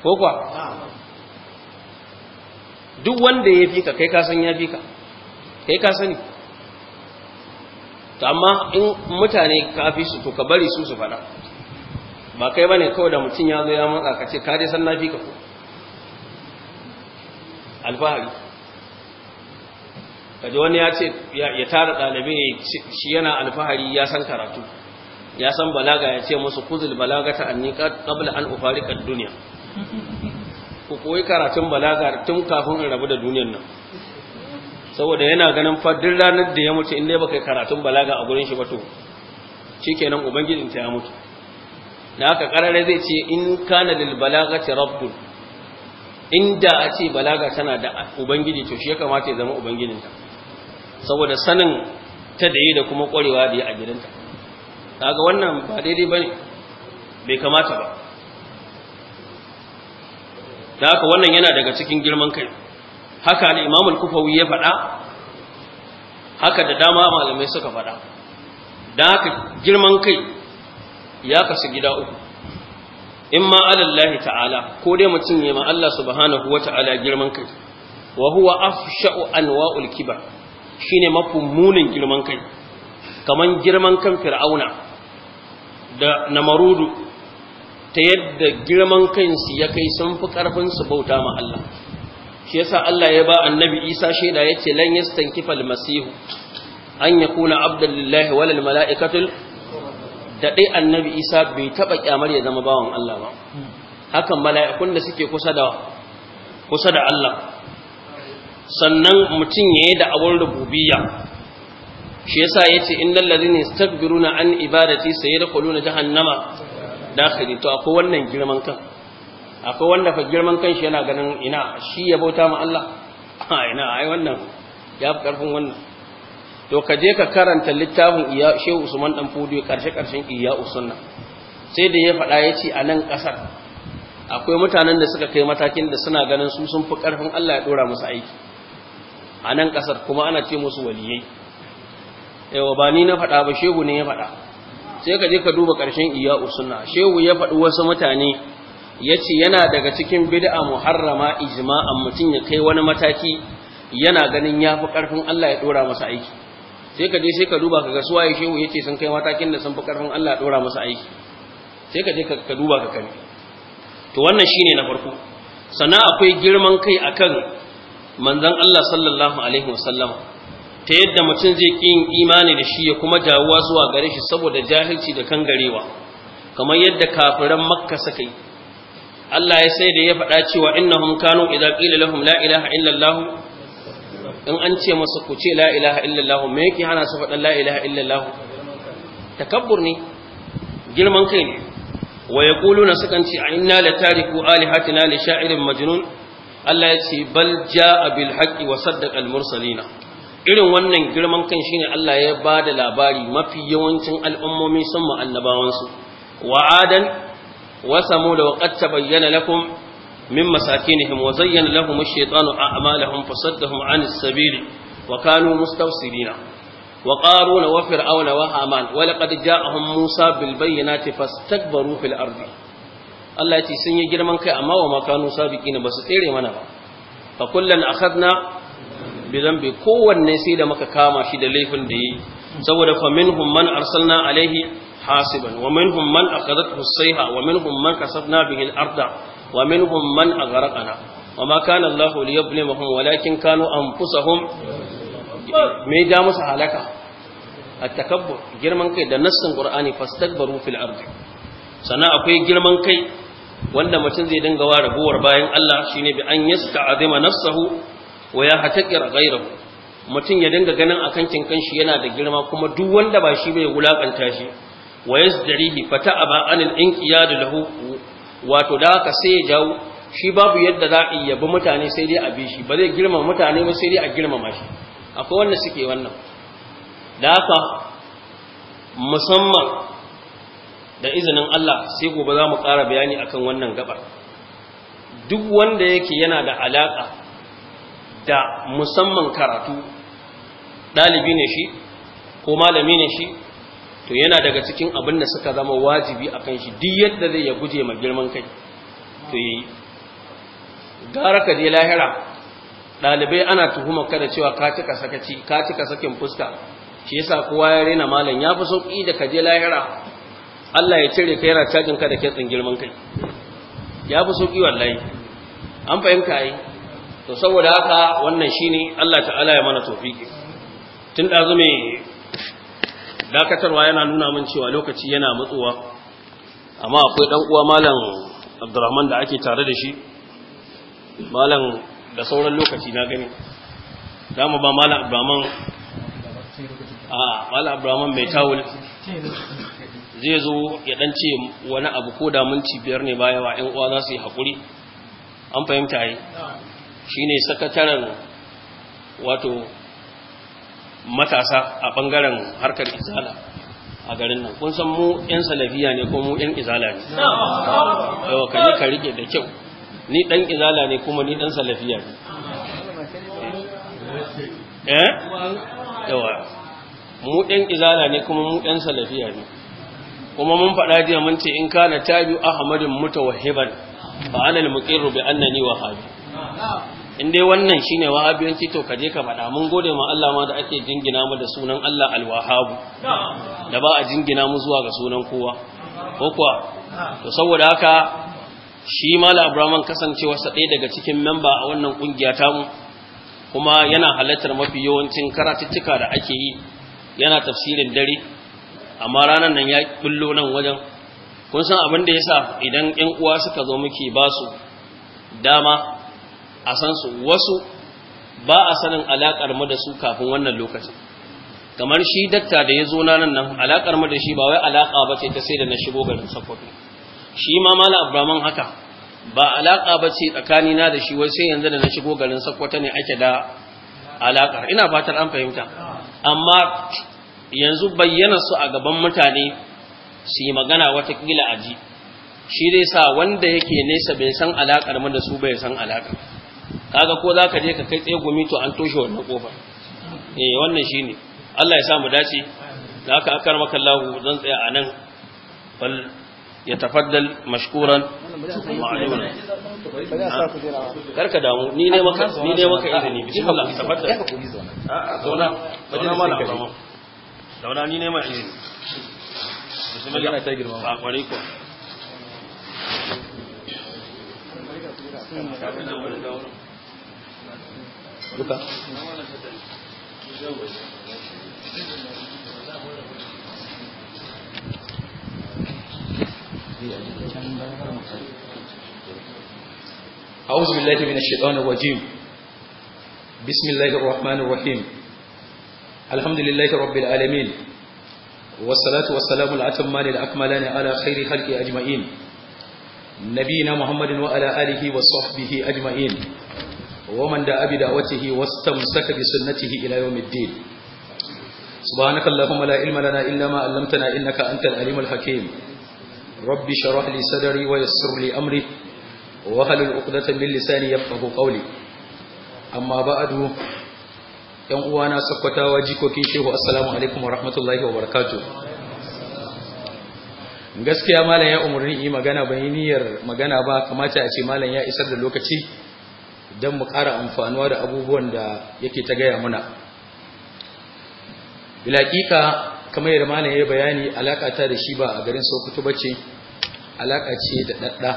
ko kwa. duk wanda ya fi ka kai ka san ya fi ka kai ka sani amma in mutane ka fi su to ka bari su su fada ba kai bane kawai da mutum ya zo ya matsa ka ce ka dai san na fi ka ko alfahari kaji wani ya ce ya tara ɗalibai shi yana alfahari ya san karatu ya san balaga ya ce musu kuzil balaga ta anni qabla an ufarika duniya ku koyi karatun balaga tun kafin in rabu da duniyar nan saboda yana ganin fa ranar da ya mutu in dai baka karatun balaga a gurin shi ba to shikenan ubangijin ta ya mutu da haka karare zai ce in kana lil balagati rabbun inda a ce balaga tana da ubangiji to shi ya kamata ya zama ubangijinta saboda sanin ta da yi da kuma ƙwarewa da yi a gidanta daga wannan ba daidai ba ne bai kamata ba da haka wannan yana daga cikin girman kai haka imamul kufawi ya faɗa haka da dama malamai suka faɗa da haka girman kai ya kasu gida uku in ma alallahi ta'ala ko dai mutum ya ma Allah subhanahu wa ta'ala girman kai wa huwa afsha'u anwa'ul kibar shine mafi munin girman kai Kamar girman kan fir'auna da namarudu ta yadda girman kansu ya kai sun fi karfin su bauta ma Allah shi yasa Allah ya ba annabi Isa shaida yace lan yastankifa kifal masihu an yakuna abdan lillahi wal mala'ikatul da dai annabi Isa bai taɓa kyamar ya zama bawan Allah ba hakan mala'ikun da suke kusa da Allah sannan mutum ya yi da abin rububiyya shi yasa yace innal ladhina na an ibadati Na jahannama dakhili to akwai wannan girman kan akwai wanda fa girman kan shi yana ganin ina shi ya bauta ma Allah a ina ai wannan ya fi karfin wannan to ka je ka karanta littafin iya Shehu Usman dan Fodiyo karshe karshen iya usunna sai da ya faɗa ya ce a nan ƙasar akwai mutanen da suka kai matakin da suna ganin su sun fi ƙarfin Allah ya ɗora musu aiki a nan ƙasar kuma ana ce musu waliyai yawa ba ni na faɗa ba shehu ne ya faɗa sai ka je ka duba ƙarshen iya usuna shehu ya faɗi wasu mutane ya ce yana daga cikin bid'a muharrama ijma'an mutum ya kai wani mataki yana ganin ya fi ƙarfin Allah ya ɗora masa aiki sai ka je sai ka duba ka ga suwaye shehu ya ce sun kai matakin da sun fi ƙarfin Allah ya ɗora masa aiki sai ka je ka duba ka kani to wannan shine na farko sannan akwai girman kai akan manzon Allah sallallahu alaihi wasallama ta yadda mutum zai ki yin imani da shi ya kuma jawuwa zuwa gare shi saboda jahilci da kangarewa kamar yadda kafiran makka suka yi Allah ya sai da ya faɗa cewa innahum kanu idza qila lahum la ilaha illallah in an ce masa ku ce la ilaha illallah me yake hana su faɗan la ilaha illallah takabbur ne girman kai ne wa yaquluna sukan ce inna la tariku alihatina li sha'irin majnun Allah ya ce bal ja'a bil haqqi wa saddaqa al mursalina irin wannan girman kan shine Allah ya ba da labari mafi yawancin al'ummomi sun mu annabawansu wa adan wa samud wa qad tabayyana lakum min masakinihim wa zayyana lahum ash-shaytanu a'malahum fasaddahum 'anis sabili wa kanu mustawsirina وقارون وفرعون musa ولقد جاءهم موسى بالبينات فاستكبروا في الأرض Allah ya ce sun yi girman kai amma wa makanu sabiqina ba su tsere mana ba fa kullan akhadna bi dhanbi kowanne sai da muka kama shi da laifin da yi saboda fa minhum man arsalna alaihi hasiban wa minhum man akhadathu as-sayha wa minhum man kasafna bihi al-arda wa minhum man aghraqna wa ma kana Allah liyuzlimahum walakin kanu anfusahum me ja musu halaka at-takabbur girman kai da nassin qur'ani fastakbaru fil ardi sannan akwai girman kai wanda mutum zai dinga wa rabuwar bayan Allah shine bi an azima nafsahu wa ya hatakir ghayrahu mutum ya dinga ganin akan kin kanshi yana da girma kuma duk wanda ba shi bai wulakanta shi wa yasdarihi fata'aba anil inqiyad lahu wato da ka sai ya jawo shi babu yadda za a yabi mutane sai dai a bi shi ba zai girma mutane ba sai dai a girmama shi akwai wanda suke wannan da haka musamman da izinin Allah sai gobe za mu ƙara bayani akan wannan gabar duk wanda yake yana da alaƙa da musamman karatu ɗalibi ne shi ko malami ne shi to yana daga cikin abin da suka zama wajibi a kan shi duk yadda zai ya guje ma girman kai to yi gara ka je lahira ɗalibai ana tuhumar ka da cewa ka cika sakaci ka cika sakin fuska shi yasa kowa ya rena malam ya fi sauƙi da ka je lahira Allah ya cire ka yana cajin ka da kitsin girman kai ya fi sauki wallahi an fahimta yi to saboda haka wannan shine Allah ta'ala ya mana tofiki tun da zume dakatarwa yana nuna min cewa lokaci yana matsuwa amma akwai dan uwa malam Abdurrahman da ake tare da shi malam da sauran lokaci na gani za mu ba malam Abdurrahman a malam Abdurrahman mai tawul zai zo ya dan ce wani abu ko da mun biyar ne baya wa ƴan uwa za su yi hakuri an fahimta yi Shi ne sakataren wato matasa a bangaren harkar izala a garin nan kun san mu ƴan salafiya ne ko mu ƴan izala ne yawa ka ka rike da kyau ni ɗan izala ne kuma ni ɗan salafiya ne eh? yawa mu ɗan izala ne kuma mu ɗan salafiya ne kuma mun faɗa jiya mun ce in kana tabi ahmadin mutawahhiban fa ana al-muqirru bi annani wahabi in dai wannan shine wahabiyanci to ka je ka faɗa mun gode ma Allah ma da ake jingina mu da sunan Allah al-wahhab da ba a jingina mu zuwa ga sunan kowa ko kuwa to saboda haka shi mala abraman kasancewarsa ɗaya daga cikin memba a wannan kungiya ta mu kuma yana halartar mafi yawancin karatuttuka da ake yi yana tafsirin dare amma ranar nan ya kullo nan wajen kun san abin da ya sa idan ƴan uwa suka zo muke ba su dama a san su wasu ba a sanin alakar mu da su kafin wannan lokacin kamar shi dakta da ya zo na nan nan alakar mu da shi ba wai alaka ba ce ta sai da na shigo garin Sokoto shi ma malam Abraman haka ba alaka bace ce tsakani na da shi wai sai yanzu da na shigo garin sakwato ne ake da alaka ina fatar an fahimta amma yanzu bayyana su a gaban mutane su yi magana watakila a ji shi dai sa wanda yake nesa bai san alaƙar mu da su bai san alaƙar kaga ko za ka je ka kai tsaye gumi to an toshe wannan ƙofar eh wannan shi ne Allah ya sa mu dace da ka akar maka lahu zan tsaya a nan bal ya tafaddal mashkuran ma'aluna karka damu ni ne maka ni ne maka izini bismillah tafaddal a'a zauna zauna malam daura ni ne ma izini أعوذ بالله من الشيطان الرجيم بسم الله الرحمن الرحيم الحمد لله رب العالمين والصلاة والسلام الأتمان الأكملان على خير خلق أجمعين نبينا محمد وعلى آله وصحبه أجمعين ومن دعا بدعوته واستمسك بسنته إلى يوم الدين سبحانك اللهم لا علم لنا إلا ما علمتنا إنك أنت العليم الحكيم رب شرح لي صدري ويسر لي أمري وهل العقدة من لساني يفقه قولي أما بعد yan uwana sakkwatawa jikokin shehu assalamu alaikum wa rahmatullahi wa barakatuh gaskiya malam ya umarni yi magana ban yi niyyar magana ba kamata a ce malam ya isar da lokaci don mu ƙara amfanuwa da abubuwan da yake ta gaya muna bilakika kamar yadda malam ya bayani alaƙa ta da shi ba a garin sokoto ba ce alaƙa ce da ɗaɗɗa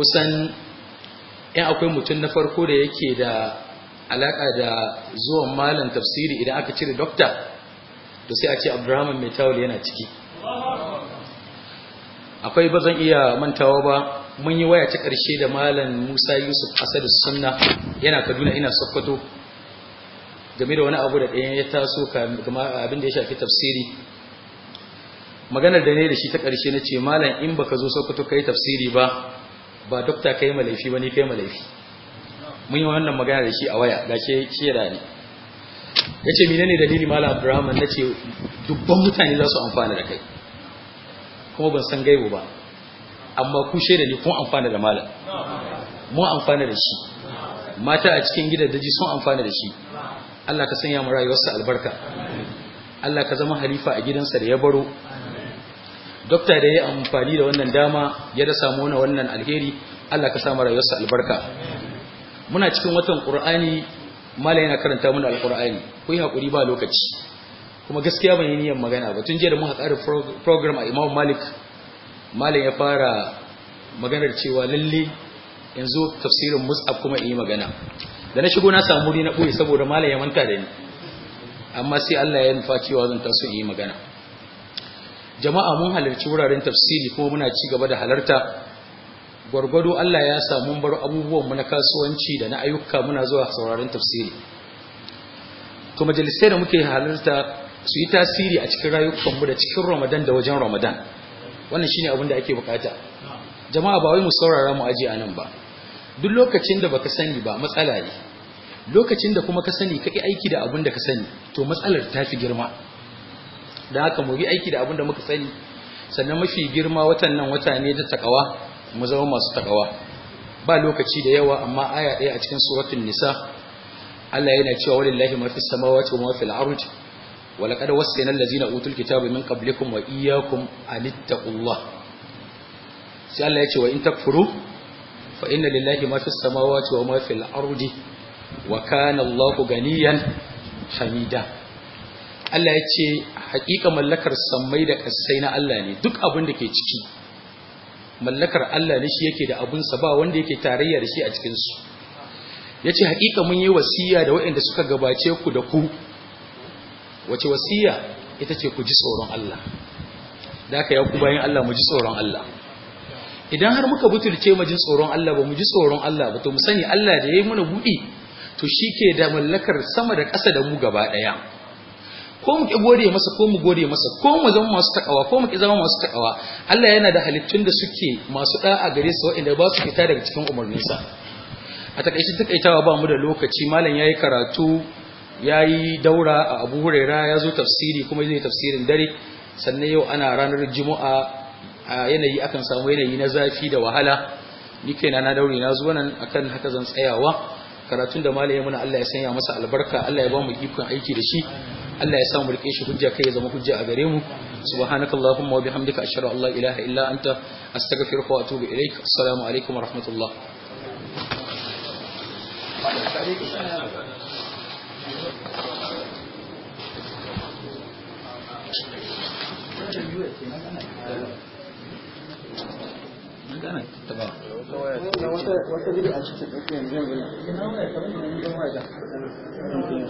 kusan in akwai mutum na farko da yake da Alaƙa da zuwan malam tafsiri idan aka cire dokta to sai a ce abdurrahman mai tawul yana ciki akwai ba zan iya mantawa ba mun yi waya ta ƙarshe da malam musa yusuf asadu sunna yana kaduna ina sokoto game da wani abu da ɗayan ya taso abin da ya shafi tafsiri maganar da ne da shi ta ƙarshe na ce malam in baka zo sokoto ka yi tafsiri ba ba dokta ka kai malaifi ba ni ka kai malaifi mun yi wannan magana da shi a waya ga shi shera ne ya ce mine ne dalili mala abdurrahman na ce dubban mutane za su amfana da kai kuma ban san gaibu ba amma ku da ne kun amfana da malam mun amfana da shi mata a cikin gidan daji sun amfana da shi Allah ka sanya mu rayuwarsa albarka Allah ka zama halifa a gidansa da ya baro dokta da ya amfani da wannan dama ya da samu wannan alheri Allah ka samu rayuwarsa albarka muna cikin watan ƙur'ani mala yana karanta mana alqur'ani ku yi hakuri ba lokaci kuma gaskiya ban yi niyyar magana ba tun jiya da muka tsara program a Imam Malik malam ya fara maganar cewa lalle yanzu tafsirin Mus'ab kuma in yi magana da na shigo na samu wuri na ɓoye saboda malam ya manta da ni amma sai Allah ya nufa cewa zan taso in yi magana jama'a mun halarci wuraren tafsiri kuma muna ci gaba da halarta gwargwado Allah ya samu bar abubuwan mu na kasuwanci da na ayyuka muna zuwa sauraron tafsiri to majalisai da muke halarta su yi tasiri a cikin rayukan mu da cikin Ramadan da wajen Ramadan wannan shine abin da ake bukata jama'a ba wai mu saurara mu aje anan ba duk lokacin da baka sani ba matsala ne lokacin da kuma ka sani ka aiki da abin da ka sani to matsalar ta fi girma da haka mu yi aiki da abin da muka sani sannan mafi girma watan nan wata ne da takawa mu zama masu takawa ba lokaci da yawa amma aya ɗaya a cikin suratul nisa Allah yana cewa walillahi ma fis samawati wa ma fil ard wa laqad wassayna allazina utul kitaba min qablikum wa iyyakum an ittaqullah sai Allah ya ce wa in takfuru fa inna lillahi ma fis samawati wa ma fil ard wa kana Allahu ganiyan hamida Allah ya ce haƙiƙa mallakar samai da ƙasai na Allah ne duk abin da ke ciki mallakar Allah ne shi yake da sa ba wanda yake tarayya da shi a cikin su yace hakika mun yi wasiya da waɗanda suka gabace ku da ku wace wasiya ita ce ku ji tsoron Allah da aka yaku bayan Allah mu ji tsoron Allah idan har muka butulce mu ji tsoron Allah ba mu ji tsoron Allah ba to mu sani Allah da yayi mana buɗi to shi ke da mallakar sama da ƙasa da mu gaba ɗaya ko mu ki gode masa ko mu gode masa ko mu zama masu takawa ko mu ki zama masu takawa Allah yana da halittun da suke masu da'a gare su waɗanda ba su fita daga cikin sa a takaice takaitawa ba mu da lokaci malam yayi karatu yayi daura a Abu Huraira ya zo tafsiri kuma zai tafsirin dare sannan yau ana ranar Juma'a a yanayi akan samu yanayi na zafi da wahala ni kaina na daure na zo nan akan haka zan tsayawa karatun da ya muna Allah ya sanya masa albarka Allah ya ba mu ikon aiki da shi Allah ya samu rike shi hujja kai ya zama hujja a gare mu subhanakallahumma wa bihamdika ashhadu an la ilaha illa anta astaghfiruka wa atubu ilaik assalamu alaikum wa rahmatullah wata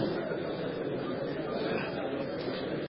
wata a cikin